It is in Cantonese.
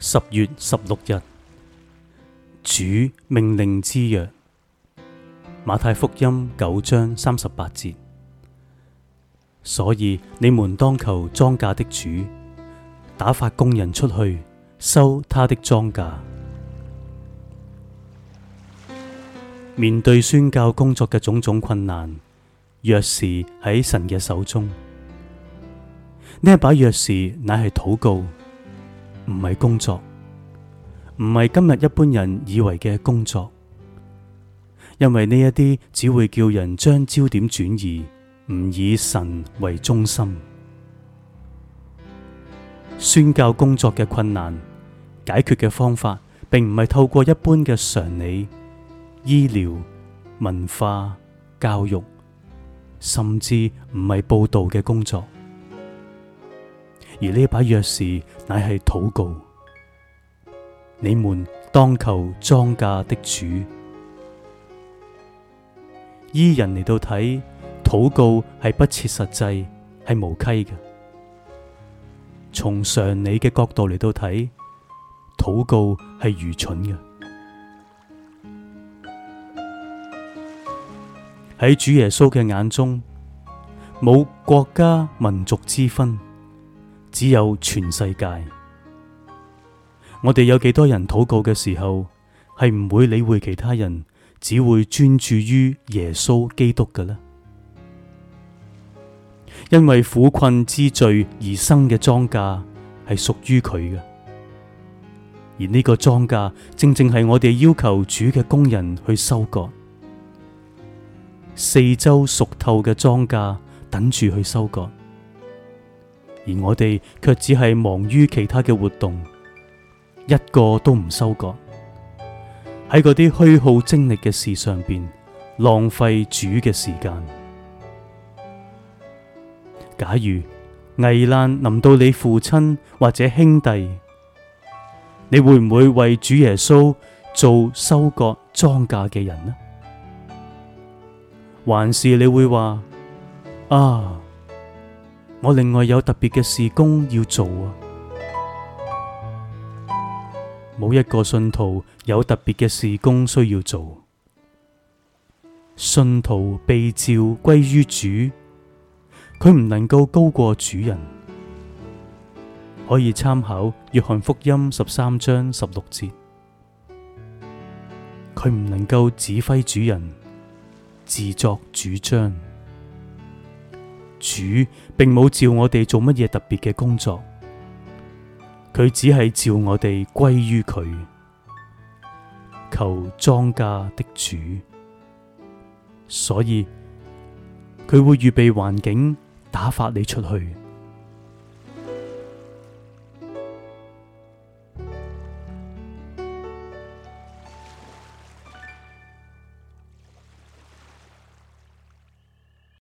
十月十六日，主命令之曰，馬太福音九章三十八節。所以你們當求莊稼的主，打發工人出去，收他的莊稼。面對宣教工作嘅種種困難，鑰匙喺神嘅手中。呢一把鑰匙乃係禱告。唔係工作，唔係今日一般人以為嘅工作，因為呢一啲只會叫人將焦點轉移，唔以神為中心。宣教工作嘅困難，解決嘅方法，並唔係透過一般嘅常理、醫療、文化、教育，甚至唔係報道嘅工作。而呢把鑰匙乃係禱告，你們當求莊稼的主。依人嚟到睇禱告係不切實際，係無稽嘅。從常理嘅角度嚟到睇禱告係愚蠢嘅。喺主耶穌嘅眼中冇國家民族之分。只有全世界，我哋有幾多人禱告嘅時候係唔會理會其他人，只會專注於耶穌基督嘅咧？因為苦困之罪而生嘅莊稼係屬於佢嘅，而呢個莊稼正正係我哋要求主嘅工人去收割，四周熟透嘅莊稼等住去收割。而我哋卻只係忙於其他嘅活動，一個都唔收割，喺嗰啲虛耗精力嘅事上面，浪費主嘅時間。假如危難臨到你父親或者兄弟，你會唔會為主耶穌做收割莊稼嘅人呢？還是你會話啊？我另外有特別嘅事工要做啊！冇一個信徒有特別嘅事工需要做。信徒被召歸於主，佢唔能夠高過主人。可以參考約翰福音十三章十六節。佢唔能夠指揮主人，自作主張。主並冇召我哋做乜嘢特別嘅工作，佢只係召我哋歸於佢，求莊稼的主，所以佢會預備環境打發你出去。